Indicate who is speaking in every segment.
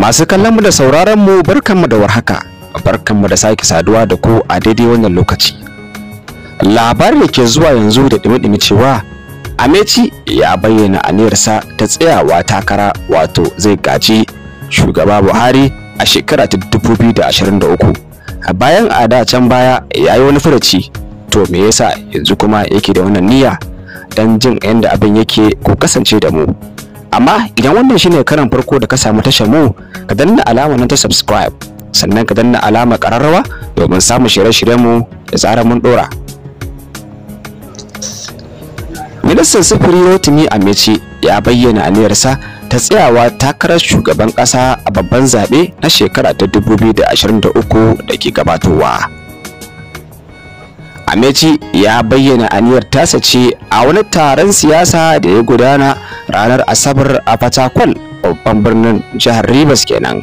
Speaker 1: Masu kallon mu da sauraron mu barkanmu da warhaka. Barkanmu da sake saduwa da ku a daidai wannan lokaci. Labarin da ke zuwa yanzu da dimi-dimi cewa ameci ya bayyana aniyarsa ta tsayawa takara wato zai gaji shugaba Buhari a shekara ta 2023. Bayan a da can baya ya yi wani faraci to me yasa yanzu kuma yake da wannan niyya don jin yadda abin yake ku kasance da mu. amma idan wannan shine karan farko da ka samu tashar mu ka danna alama nan ta subscribe sannan ka danna alama kararrawa domin samun shirye-shiryen mu da tsara mun dora ministan sufuri rotimi amici ya bayyana aniyarsa ta tsayawa takarar shugaban kasa a babban zaɓe na shekara ta 2023 da ke gabatowa ameci ya bayyana aniyar tasa ce a wani taron siyasa da ya gudana ranar Asabar a Fatakwal babban birnin jihar Rivers kenan.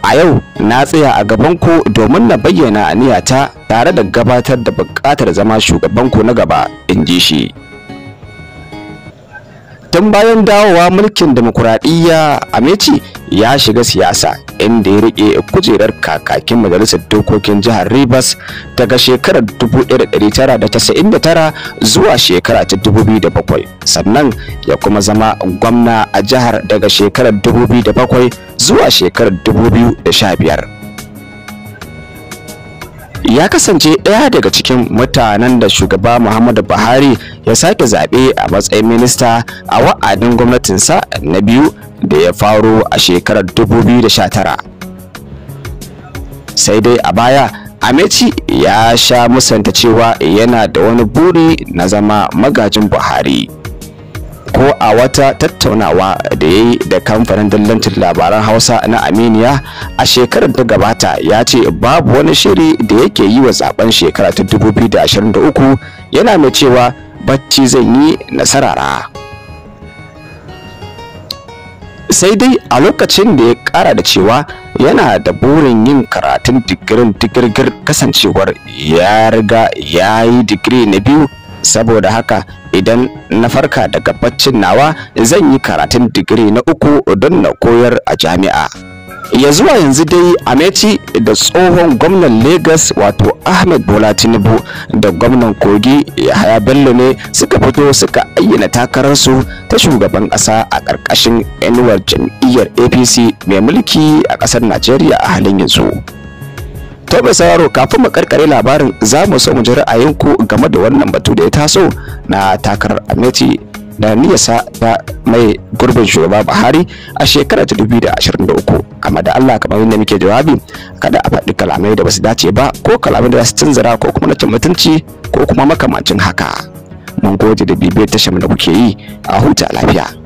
Speaker 1: A yau na tsaya a gabanku domin na bayyana aniyata tare da gabatar da buƙatar zama shugabanku na gaba, in ji shi. tun bayan dawowa mulkin demokuraɗiyya meci ya shiga siyasa inda ya riƙe kujerar kakakin majalisar dokokin jihar rivers daga shekarar 1999 zuwa shekara ta 2007 sannan ya kuma zama gwamna a jihar daga shekarar 2007 zuwa shekarar 2015 ya kasance ɗaya daga cikin mutanen da shugaba muhammadu buhari ya sake zaɓe a matsayin minista a wa'adin gwamnatinsa na biyu da ya faro a shekarar 2019 sai dai a baya Amici ya sha musanta cewa yana da wani buri na zama magajin buhari ko a wata tattaunawa da ya yi da kamfanin dillancin labaran hausa na aminiya a shekarar ta gabata ya ce babu wani shiri da yake yi wa zaben shekara ta 2023 yana mai cewa bacci zan yi nasarara sai dai a lokacin da ya kara da cewa yana da burin yin karatun digirin digirgir kasancewar ya riga ya yi digiri na biyu saboda haka idan na farka daga baccin nawa zan yi karatun digiri na uku don na koyar a jami'a ya zuwa yanzu dai ameti da tsohon gwamnan Legas wato ahmed bola tinubu da gwamnan kogi yahaya bello ne suka fito suka ayyana takararsu ta shugaban ƙasa a ƙarƙashin yanuwar jam'iyyar apc mai mulki a ƙasar najeriya a halin yanzu To mai sauraro kafin mu karkare labarin za mu so mu ji ra'ayinku game da wannan batu da ya taso na takarar Ameti da niyasa ta mai gurbin shugaba Buhari a shekarar 2023 amma da Allah kamar yadda muke jawabi kada a faɗi kalamai da basu dace ba ko kalamai da su tunzura ko kuma na mutunci ko kuma makamancin haka mun gode da bibiyar tashar da kuke yi a huta lafiya